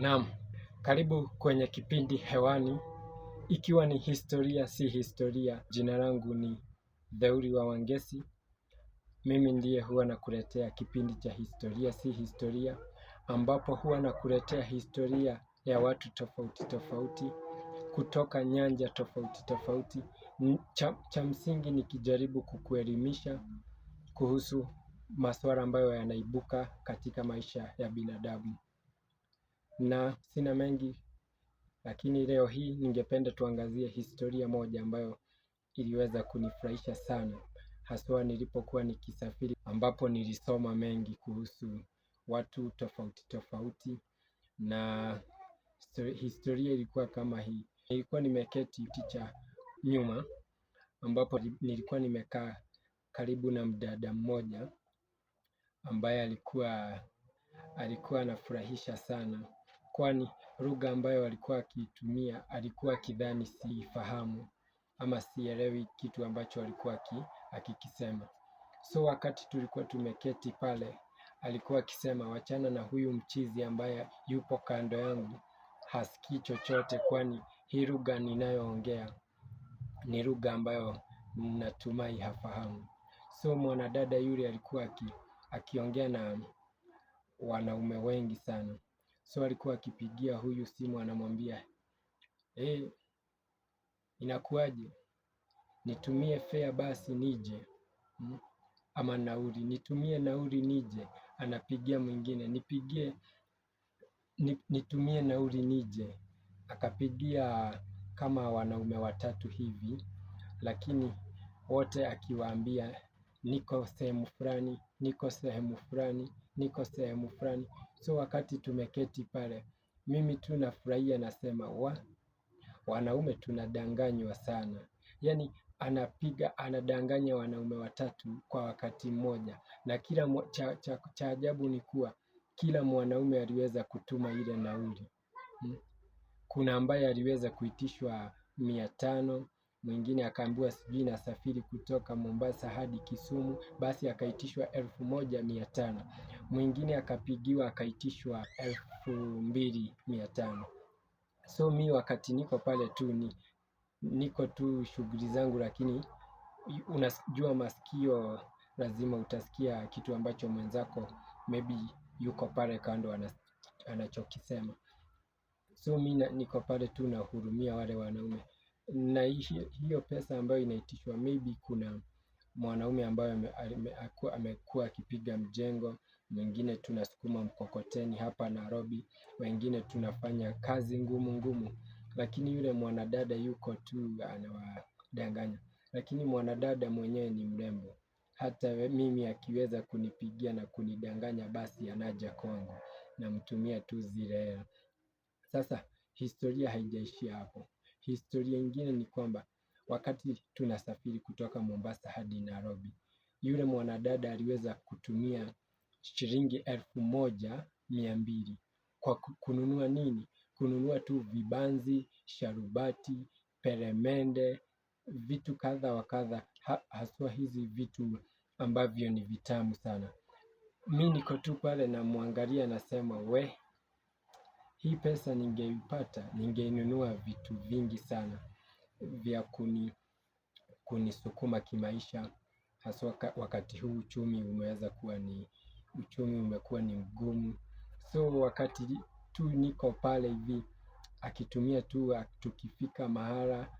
Naam, karibu kwenye kipindi hewani, ikiwa ni historia si historia. Jina langu ni dheuri wa Wangeci, mimi ndiye huwa nakuletea kipindi cha historia si historia, ambapo huwa nakuletea historia ya watu tofauti tofauti kutoka nyanja tofauti tofauti. Cha, cha msingi nikijaribu kukuelimisha kuhusu masuala ambayo yanaibuka katika maisha ya binadamu na sina mengi lakini leo hii ningependa tuangazie historia moja ambayo iliweza kunifurahisha sana. Haswa nilipokuwa nikisafiri ambapo nilisoma mengi kuhusu watu tofauti tofauti na historia ilikuwa kama hii. Nilikuwa nimeketi kiti cha nyuma ambapo nilikuwa nimekaa karibu na mdada mmoja ambaye alikuwa alikuwa anafurahisha sana kwani lugha ambayo alikuwa akiitumia alikuwa akidhani siifahamu ama sielewi kitu ambacho alikuwa akikisema. So wakati tulikuwa tumeketi pale, alikuwa akisema wachana na huyu mchizi ambaye yupo kando yangu, hasikii chochote, kwani hii lugha ninayoongea ni lugha ambayo natumai hafahamu. So mwanadada yule alikuwa akiongea na wanaume wengi sana. So alikuwa akipigia huyu simu anamwambia hey, eh, inakuwaje? Nitumie fea basi nije hmm? ama nauli, nitumie nauli nije. Anapigia mwingine, nipigie nitumie nauli nije. Akapigia kama wanaume watatu hivi, lakini wote akiwaambia niko sehemu fulani, niko sehemu fulani, niko sehemu fulani. So wakati tumeketi pale, mimi tu nafurahia nasema wa, wanaume tunadanganywa sana. Yaani anapiga, anadanganya wanaume watatu kwa wakati mmoja. Na kila cha ajabu ni kuwa, kila mwanaume aliweza kutuma ile nauli. Hmm? Kuna ambaye aliweza kuitishwa mia tano, mwingine akaambiwa sijui nasafiri kutoka Mombasa hadi Kisumu, basi akaitishwa elfu moja mia tano mwingine akapigiwa akaitishwa elfu mbili mia tano So mi wakati niko pale tu ni niko tu shughuli zangu, lakini unajua masikio lazima utasikia kitu ambacho mwenzako maybe yuko pale kando anachokisema. So mi niko pale tu nahurumia wale wanaume na hiyo pesa ambayo inaitishwa maybe kuna mwanaume ambayo amekuwa akipiga mjengo, wengine tunasukuma mkokoteni hapa Nairobi, wengine tunafanya kazi ngumu ngumu, lakini yule mwanadada yuko tu anawadanganya. Lakini mwanadada mwenyewe ni mrembo, hata mimi akiweza kunipigia na kunidanganya basi anaja kwangu namtumia tu zile hela. Sasa historia haijaishia hapo. Historia ingine ni kwamba wakati tunasafiri kutoka Mombasa hadi Nairobi, yule mwanadada aliweza kutumia shilingi elfu moja mia mbili kwa kununua nini? Kununua tu vibanzi, sharubati, peremende, vitu kadha wa kadha, haswa hizi vitu ambavyo ni vitamu sana. Mi niko tu pale namwangalia nasema we, hii pesa ningeipata, ningenunua vitu vingi sana vya kunisukuma kimaisha haswa wakati huu uchumi umeweza kuwa ni uchumi umekuwa ni mgumu. So wakati tu niko pale hivi akitumia tu tukifika mahala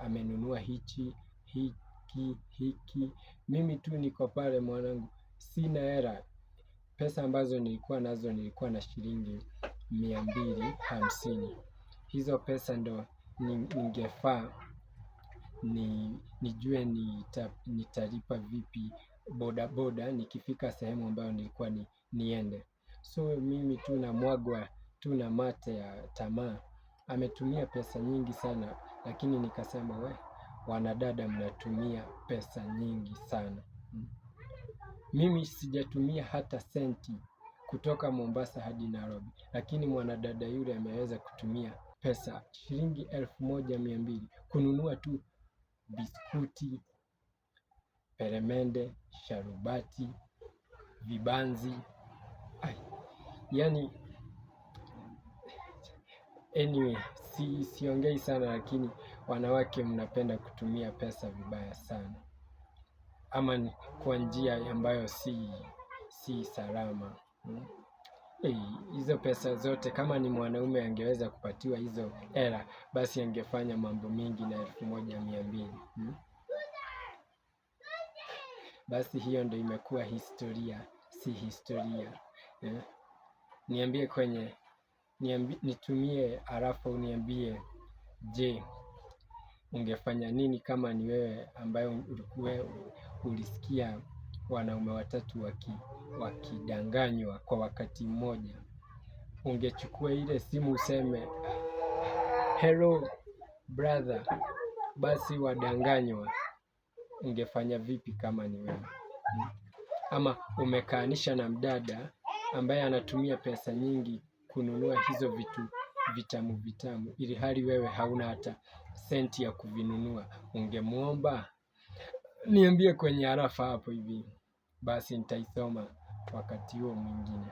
amenunua hichi, hiki, hiki. Mimi tu niko pale mwanangu sina hela. Pesa ambazo nilikuwa nazo nilikuwa na shilingi mia mbili hamsini. Hizo pesa ndo ningefaa nijue nitalipa vipi boda boda nikifika sehemu ambayo nilikuwa niende. So mimi tu na mwagwa tu na mate ya tamaa. Ametumia pesa nyingi sana lakini nikasema we wanadada mnatumia pesa nyingi sana. Hmm. Mimi sijatumia hata senti kutoka Mombasa hadi Nairobi, lakini mwanadada yule ameweza kutumia pesa shilingi elfu moja mia mbili kununua tu biskuti, peremende, sharubati, vibanzi. Ay, yani anyway, si, siongei sana lakini wanawake mnapenda kutumia pesa vibaya sana, ama kwa njia ambayo si si salama. Hmm. hizo pesa zote, kama ni mwanaume angeweza kupatiwa hizo hela, basi angefanya mambo mengi na elfu moja mia mbili hmm? Basi hiyo ndo imekuwa historia, si historia hmm. Niambie kwenye niambi, nitumie arafu uniambie, je, ungefanya nini kama ni wewe ambayo ulikuwa ulisikia wanaume watatu waki, wakidanganywa kwa wakati mmoja, ungechukua ile simu useme hello brother, basi wadanganywa, ungefanya vipi kama ni wewe? Ama umekaanisha na mdada ambaye anatumia pesa nyingi kununua hizo vitu vitamu vitamu, ili hali wewe hauna hata senti ya kuvinunua, ungemwomba? Niambie kwenye arafa hapo hivi basi nitaisoma wakati huo mwingine.